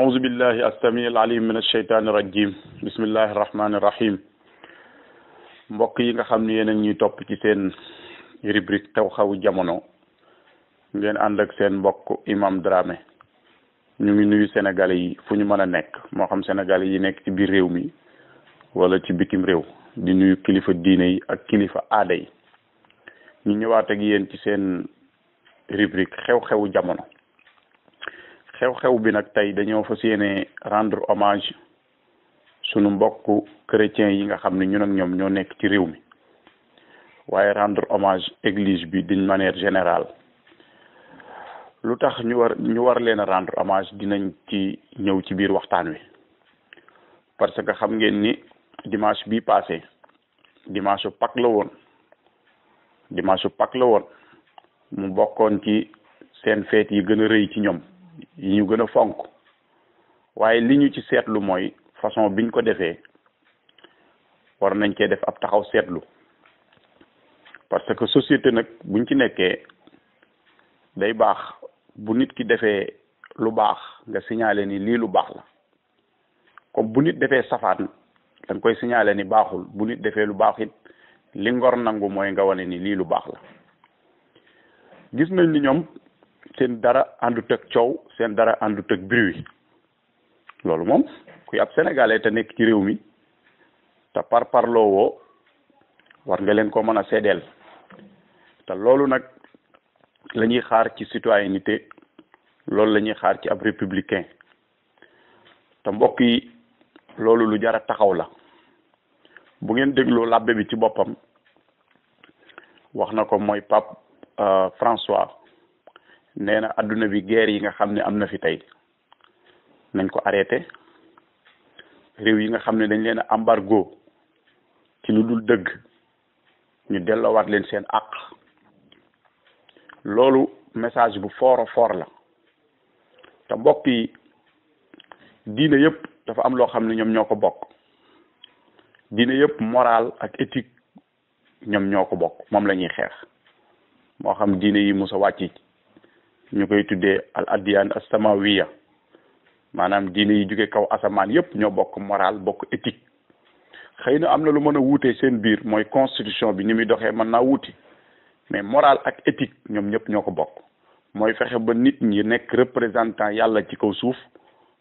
أعوذ بالله السميع العليم من الشيطان الرجيم بسم الله الرحمن الرحيم mbokk yi nga xam ne yéen ñuy topp ci seen rubrique xew-xewu jamono ngeen ànd ak seen mbokk Imam Dramé ñu ngi nuyu sénégalais yi fu ñu mën a nekk moo xam senegal yi nekk ci biir réew mi wala ci bitim réew di nuyu kilifa diine yi ak kilifa aada yi ñu ñëwaat ak yéen ci seen rubrique xew xew jamono. xew-xew bi nag tey dañoo fa yéene rendre hommage sunu mbokku chrétiens yi nga xam ne ñu ak ñoom ñoo nekk ci réew mi waaye rendre hommage église bi d'une manière générale lu tax ñu war ñu war leen a rendre hommage dinañ ci ñëw ci biir waxtaan wi parce que xam ngeen ni dimanche bii passé dimanche su Pâques la woon dimanche su Pâques la woon mu bokkoon ci seen feet yi gën a rëy ci ñoom yi ñu gën a fonk waaye li ñu ci seetlu mooy façon biñ ko defee war nañ cee def ab taxaw seetlu parce que société nag buñ ci nekkee day baax bu nit ki defee lu baax nga signalé ni lii lu baax la comme bu nit defee safaan da koy signalé ni baaxul bu nit defee lu baax it li ngor nangu mooy nga wane ni lii lu baax la gis nañ ni ñoom seen dara àndut ak coow seen dara àndut ak bruit loolu moom kuy ab sénégalais te nekk ci réew mi te par parloo woo war nga leen ko mën a seddeel te loolu nag la ñuy xaar ci citoyenneté loolu la ñuy xaar ci ab républicain te mbokk yi loolu lu jar a taxaw la bu ngeen dégloo làbbe bi ci boppam wax na ko mooy Pape euh, François nee na adduna bi guerre yi nga xam ne am na fi tey nañ ko arrêté réew yi nga xam ne dañ leen a embargo ci lu dul dëgg ñu delloowaat leen seen àq loolu message bu fort foor la te mbokk yi diine yëpp dafa am loo xam ne ñoom ñoo ko bokk diine yëpp moral ak éthique ñoom ñoo ko bokk moom la ñuy xeex moo xam diine yi musa wàcc ñu koy tuddee al adiyaan as-samawiya maanaam diine yi jóge kaw asamaan yépp ñoo bokk moral bokk éthique xëy na am na lu mën a wuutee seen biir mooy constitution bi ni muy doxee man naa wuuti mais moral ak éthique ñoom ñëpp ñoo ko bokk mooy fexe ba nit ñi nekk représentant yàlla ci kaw suuf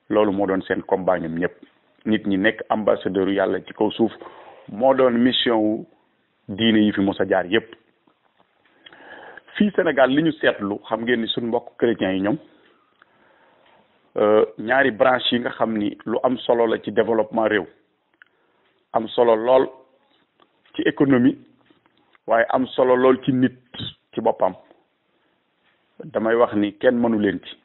loolu moo doon seen combat ñoom ñëpp nit ñi nekk ambassadeur yàlla ci kaw suuf moo doon mission wu diine yi fi mos a jaar yépp fii Sénégal li ñu seetlu xam ngeen ni suñ mbokk chrétiens yi ñoom euh, ñaari branche yi nga xam ni lu am solo la ci développement réew am solo lool ci économie waaye am solo lool ci nit ci boppam damay wax ni kenn mënu leen ci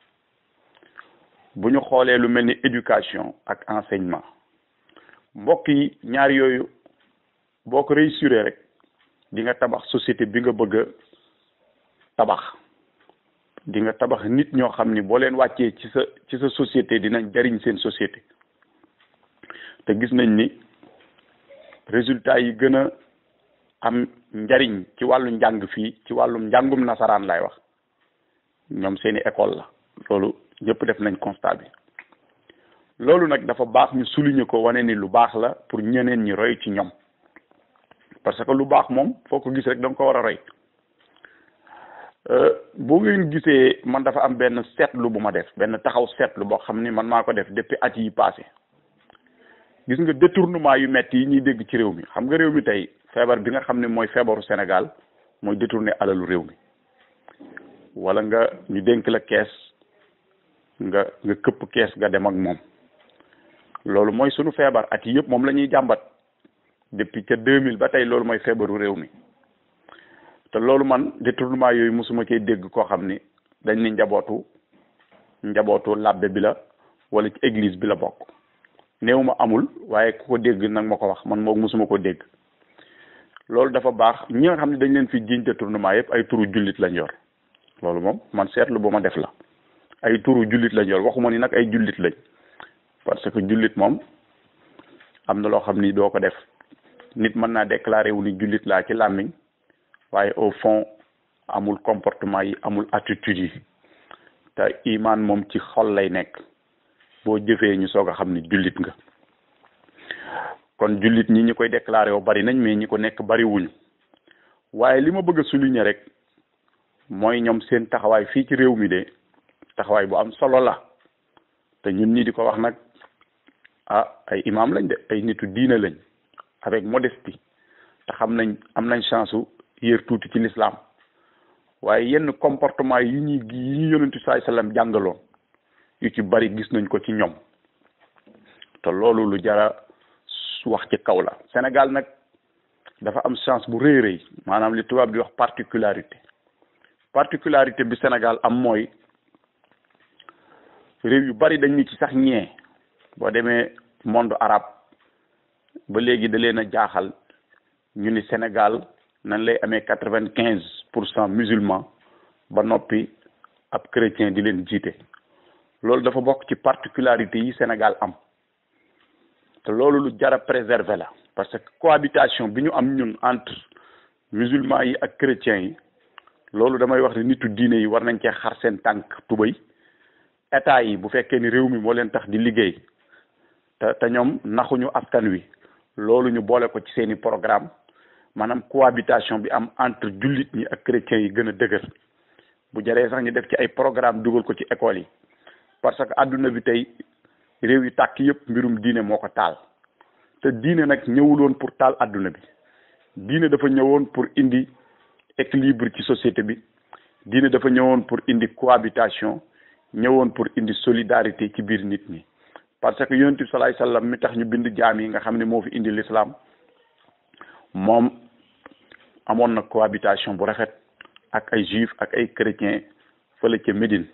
bu ñu xoolee lu mel ni éducation ak enseignement mbokk yi ñaar yooyu boo ko réussir rek di tabax société bi nga bëgg tabax di nga tabax nit ñoo xam ni boo leen wàccee ci sa ci sa société dinañ jariñ seen société te gis nañ ni résultat yi gën a am njariñ ci wàllu njàng fii ci wàllum njàngum nasaraan lay wax ñoom seeni école la loolu ñëpp def nañ constat bi loolu nag dafa baax ñu souligner ko wane ni lu baax la pour ñeneen ñi roy ci ñoom parce que lu baax moom foo ko gis rek da ko war a roy Euh, boo ngeen gisee man dafa am benn seetlu bu ma def benn taxaw seetlu boo xam ni man maa ko def depuis at yi passé gis nga détournement yu metti yi ñuy dégg ci réew mi xam nga réew mi tey feebar bi nga xam ne mooy feebaru Sénégal mooy détourné alalu réew mi wala nga ñu dénk la kees nga nga këpp kees nga dem ak moom loolu mooy sunu feebar at yi yëpp moom la ñuy jàmbat depuis ca mille ba tey loolu mooy feebaru réew mi te loolu man détournement yooyu mësuma cee dégg koo xam ni dañ ni njabootu njabootu labbe bi la wala ci église bi la bokk néew ma amul waaye ku ko dégg nag ma ko wax man moo mësuma koo dégg loolu dafa baax ñi nga xam ne dañ leen fi jiiñ détournement yëpp ay turu jullit la yor loolu moom man seetlu bu ma def la ay turu jullit lañ yor waxuma ni nag ay jullit lañ parce que jullit moom am na loo xam ni doo ko def nit mën naa déclaré wu ni jullit laa ci làmmiñ waaye au fond amul comportement yi amul attitude yi te imaan moom ci xol lay nekk boo jëfee ñu soog a xam ni jullit nga kon jullit ñi ñi koy déclarer woo bari nañ mais ñi ko nekk bari waaye li ma bëgg a souligner rek mooy ñoom seen taxawaay fii ci réew mi de taxawaay bu am solo la te ñun ñi di ko wax nag ah ay imaam lañ de ay nitu diine lañ avec modestie te xam nañ am nañ chance yéer tuuti ci lislaam waaye yenn comportement yi ñuy yi ñu yonentu saay salaam jàngaloon yu ci bari gis nañ ko ci ñoom te loolu lu jara wax ci kaw la Sénégal nag dafa am chance bu rëy rëy maanaam li tubaab di wax particularité particularité bi Sénégal am mooy réew yu bari dañ ci sax ñee boo demee monde arabe ba léegi da leen a jaaxal ñu ni Sénégal nan lay amé 95% musulmans ba nopi ab chrétien di len jité loolu dafa bok ci particularité yi Sénégal am te loolu lu jar préserver la parce que cohabitation bi ñu am ñun entre musulmans yi ak chrétiens yi loolu damay wax ni nitu diiné yi war nañ ci xar sen tank tubéy état yi bu fekké ni réew mi moo leen tax di liggéey te ñom ñoom naxuñu askan wi loolu ñu bolé ko ci seeni programme maanaam cohabitation bi am entre jullit ñi ak chrétiens yi gën a dëgër bu jaree sax ñu def ci ay programme dugal ko ci école yi parce que adduna bi tey réew yi tàkk yëpp mbirum diine moo ko taal te diine nag ñëwuloon pour taal àdduna bi diine dafa ñëwoon pour indi équilibre ci société bi diine dafa ñëwoon pour indi cohabitation ñëwoon pour indi solidarité ci biir nit ñi parce que yonent bi salaay sallam mi tax ñu bind jaam yi nga xam ne moo fi indi l'islam amoon na cohabitation bu rafet ak ay juif ak ay chrétien fële ca Médine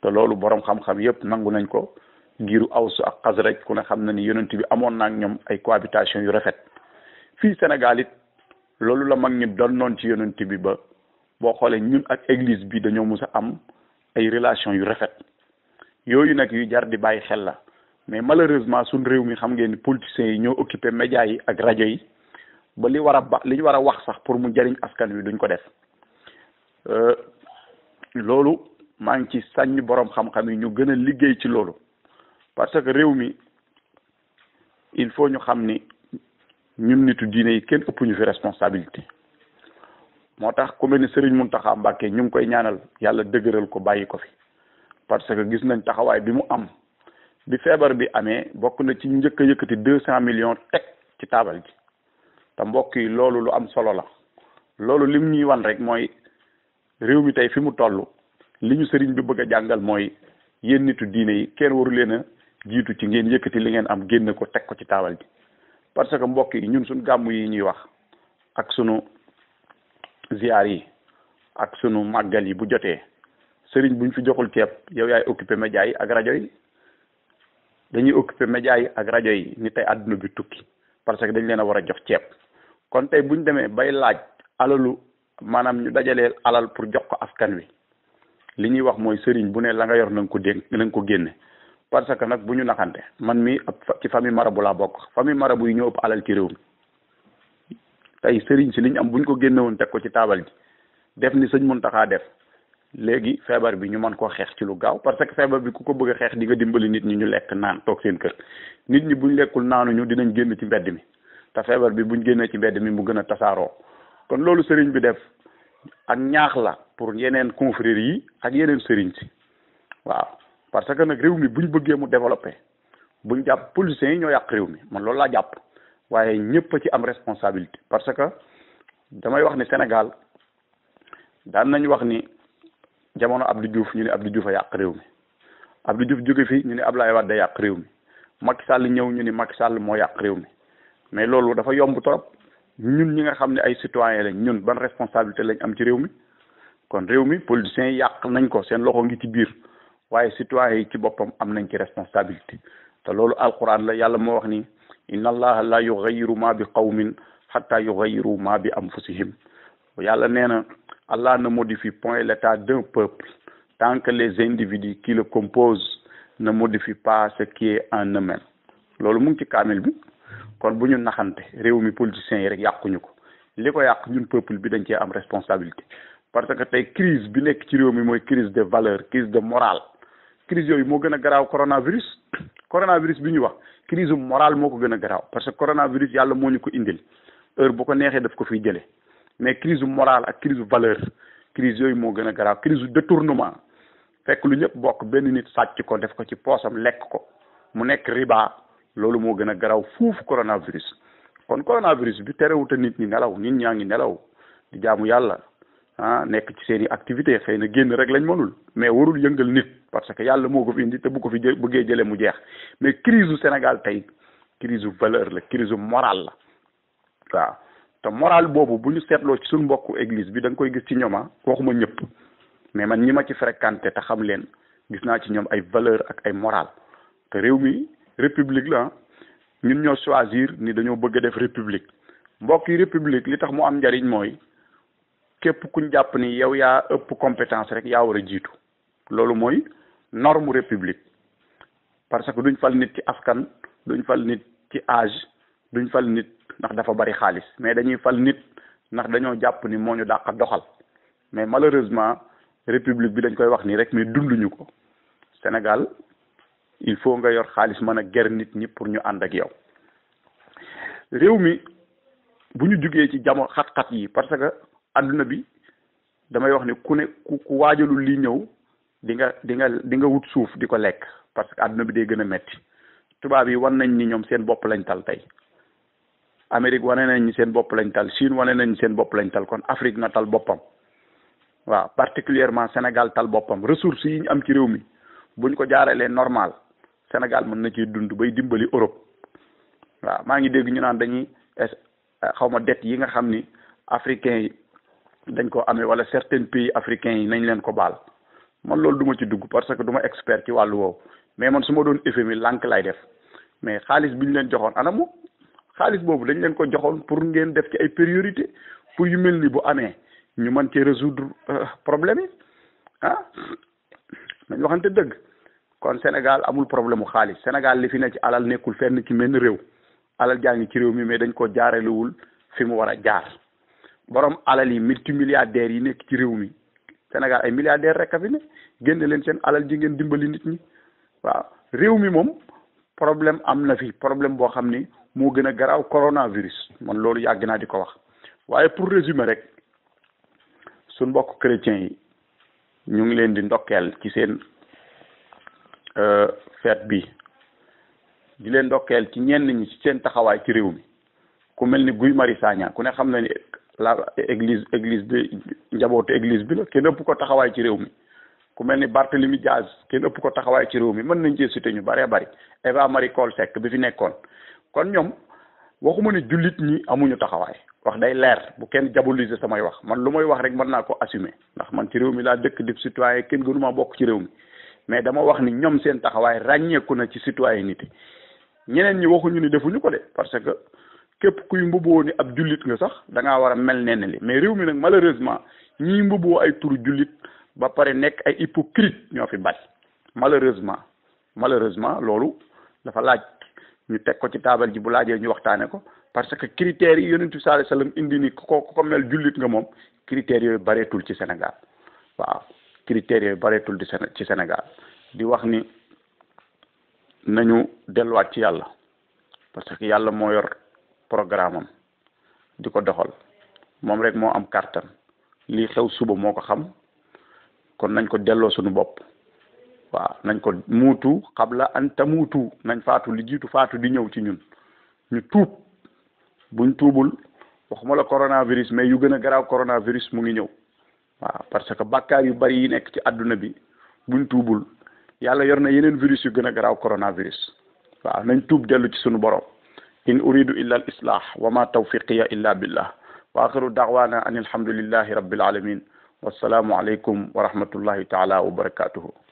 te loolu borom xam-xam yëpp nangu nañ ko ngiru Aws ak rek ku ne xam na ni yonent bi amoon na ñoom ay cohabitation yu rafet fii Sénégal it loolu la mag ñi doon noon ci yonent bi ba boo xoolee ñun ak église bi dañoo mus a am ay relation yu rafet yooyu nag yu jar di bàyyi xel la mais malheureusement suñ réew mi xam ngeen ni politiciens yi ñoo occupé médias yi ak rajo yi ba li war a ba li ñu war a wax sax pour mu jariñ askan wi duñ ko def euh, loolu maa ngi ci sàññ boroom xam-xam yi ñu gën a liggéey ci loolu parce que réew mi il faut ñu xam ni ñun nitu diine yi kenn ëpp ñu fi responsabilité moo tax ku mel ni Serigne Mountakha Mbacké ñu ngi koy ñaanal yàlla dëgëral ko bàyyi ko fi parce que gis nañ taxawaay bi mu am di feebar bi amee bokk na ci njëkk a yëkkati deux cent million teg ci taabal ji te mbokk yi loolu lu am solo la loolu lim ñuy wan rek mooy réew mi tey fi mu toll li ñu sëriñ bi bëgg a jàngal mooy yéen nitu diine yi kenn waru leen a jiitu ci ngeen yëkkati li ngeen am génn ko teg ko ci taabal bi parce que mbokk yi ñun suñ gàmmu yi ñuy wax ak sunu ziar yi ak sunu màggal yi bu jotee sëriñ buñ fi joxul ceeb yow yaay occupé média yi ak rajo yi dañuy occupé média yi ak rajo yi ni tey àdduna bi tukki parce que dañ leen a war a jox ceeb kon tey bu ñu demee bay laaj alalu maanaam ñu dajalee alal pour jox ko askan wi li ñuy wax mooy sëriñ bu nee la nga yor na nga ko dégg na nga ko génne parce que nag bu ñu naxante man mii ab ci mara bu laa bokk famille marabu yi ñëw ëpp alal ci réew mi tey sëriñ si li ñu am bu ñu ko génne teg ko ci taabal ji def ni sëñ Muntaxa def léegi feebar bi ñu mën koo xeex ci lu gaaw parce que feebar bi ku ko bëgg a xeex di dimbali nit ñi ñu lekk naan toog seen kër nit ñi buñ lekkul naanuñu dinañ génn ci mbedd mi. te feebar bi ñu génnee ci mbedd mi mu gën a tasaaroo kon loolu sëriñ bi def ak ñaax la pour yeneen confrères yi ak yeneen sëriñ si waaw parce que nag réew mi buñ bëggee mu développé buñ jàpp politiciens yi ñoo yàq réew mi man loolu laa jàpp waaye ñëpp ci am responsabilité parce que damay wax ni Sénégal daan nañ wax ni jamono Abdou Diouf ñu ne Abdou Diouf a yàq réew mi Abdou Diouf jóge fi ñu ne Abdoulaye Wade yàq réew mi Macky Sall ñëw ñu ni mag sàll moo yàq réew mi mais loolu dafa yomb trop ñun ñi nga xam ne ay citoyen lañ ñun ban responsabilité lañ am ci réew mi kon réew mi politiciens yi yàq nañ ko seen loxo ngi ci biir waaye citoyen yi ci boppam am nañ ci responsabilité te loolu alquran la yàlla moo wax ni inna allaha la yugayiru ma bi qawmin xatta yugayiru ma bi anfusihim yàlla nee na allah ne modifie point l'état d'un peuple tant que les individus qui le composent ne modifient pas ce qui est en eux-mêmes loolu mu ci kaamil bi kon bu ñu naxante réew mi politiciens yi rek yàquñu ko li ko yàq ñun peuple bi dañ cee am responsabilité parce que tey crise bi nekk ci réew mi mooy crise de valeur crise de morale crise yooyu moo gën a garaaw coronavirus coronavirus bi ñu wax crise morale moo ko gën a garaaw parce que coronavirus yàlla moo ñu ko indil heure bu ko neexee daf ko fi jëlee mais crise morale ak crise valeur crise yooyu moo gën a garaaw crise détournement fekk lu ñëpp bokk benn nit sàcc ko def ko ci poosam lekk ko mu nekk riba loolu moo gën a garaaw fuufu coronavirus kon coronavirus bi terewut a nit ñi nelaw nit ñaa ngi nelaw di jaamu yàlla ah nekk ci seen i activité xëy na génn rek lañ mënul mais warul yëngal nit parce que yàlla moo ko fi indi te bu ko fi jë bëggee jëlee mu jeex mais crise u Sénégal tey crise u valeur la crise u morale la waaw te moral boobu bu ñu seetloo ci suñu mbokku église bi da koy gis ci ñooma ah, waxuma ñëpp mais man ñi ma ci fréquenté te xam leen gis naa ci ñoom ay valeur ak ay morale réew mi république la ñun ñoo choisir ni dañoo bëgg def république mbokk yi république li tax mu am njariñ mooy képp kuñ jàpp ni yow yaa ëpp compétence rek yaa war a jiitu loolu mooy norme république parce que duñ fal nit ci askan duñ fal nit ci âge duñ fal nit ndax dafa bari xaalis mais dañuy fal nit ndax dañoo jàpp ni moo ñu dàq doxal mais malheureusement république bi dañ koy wax ni rek mais dunduñu ko Sénégal il faut nga yor xaalis mën a ger nit ñi pour ñu ànd ak yow réew mi bu ñu jógee ci jamono xat-xat yi parce que àdduna bi damay wax ni ku ne ku waajalul li ñëw di nga di nga di nga wut suuf di ko lekk parce que àdduna bi day gën a metti tubaab yi wan nañ ni ñoom seen bopp lañ tal tey Amérique wane nañ ni seen bopp lañ tal Chine wane nañ seen bopp lañ tal kon Afrique na tal boppam waaw particulièrement Sénégal tal boppam ressources yi ñu am ci réew mi buñ ko jaaralee normal Sénégal mën na ci dund bay dimbali Europe waaw maa ngi dégg ñu naan dañuy xaw ma dette yi nga xam ni africain yi dañ ko amee wala certains pays africains yi nañ leen ko baal man loolu du ma ci dugg parce que duma ma expert ci wàllu woowu mais man su ma doon FMI lànk lay def mais xaalis bi ñu leen joxoon ana mu xaalis boobu dañ leen ko joxoon pour ngeen def ci ay priorité pour yu mel ni bu amee ñu mën cee résoudre euh, problème yi ah nañ waxante dëgg kon Sénégal amul problème mu xaalis Sénégal li fi ne ci alal nekkul fenn ci menn réew alal jaa ngi ci réew mi mais dañ ko jaaralewul fi mu war a jaar boroom alal yi multimilliardaires yi nekk ci réew mi Sénégal ay milliardaires rek a fi génne leen seen alal ji ngeen dimbali nit ñi waaw réew mi moom problème am na fi problème boo xam ni moo gën a garaaw coronavirus moon loolu yàgg naa di ko wax waaye pour résumer rek sun mbokk chrétiens yi ñu ngi leen di ndokkeel ci seen Euh, feet bi di leen ndokkeel ci ñenn ñi ci seen taxawaay ci réew mi ku mel ni Guy Marius Sagna ku ne xam na ni la église église bi njabootu église bi la kenn ëpp ko taxawaay ci réew mi ku mel ni Barthélemy Diaz kenn ëpp ko taxawaay ci réew mi mën nañ cee cité ñu bëree bari Eva Marie Coll Seck bi fi nekkoon kon ñoom waxuma ne jullit ñi amuñu taxawaay wax day leer bu kenn diaboliser samay wax man lu may wax rek mën naa ko assumer ndax man ci réew mi laa dëkk di citoyen kenn gënuma bokk ci réew mi mais dama wax ni ñoom seen taxawaay ràññeeku na ci citoyenneté ñeneen ñi waxuñu ni defuñu ko de parce que képp kuy mbubboo ni ab jullit nga sax da war a mel nee li mais réew mi nag malheureusement ñiy mbubboo ay turu jullit ba pare nekk ay hypocrite ñoo fi bari malheureusement malheureusement loolu dafa laaj ñu teg ko ci taabal ji bu laajee ñu waxtaane ko parce que critère yi yonent bi sallallahu alayhi wasallam indi ni ko ko mel jullit nga moom critères yooyu bareetul ci Sénégal waaw Kriteria yu di ci Sénégal di wax ni nañu delluwaat ci yàlla parce que yàlla moo yor programme am di ko doxal moom rek moo am kàttan lii xew suba moo ko xam kon nañ ko delloo suñu bopp waaw nañ ko muutu xabla an tamutu nañ faatu li jiitu faatu di ñëw ci ñun ñu tuub buñ tuubul waxuma la coronavirus mais yu gën a coronavirus mu ngi ñëw waaw parce que bakkar yu bari yi nekk ci aduna bi buñ tubul yàlla yorna yenen virus yu gëna graw coronavirus wa nañ tub delu ci sunu borom in uridu illa al islah wa ma tawfiqi illa billah wa akhiru da'wana anil hamdulillahi rabbil alamin wassalamu alaykum wa rahmatullahi ta'ala wa barakatuh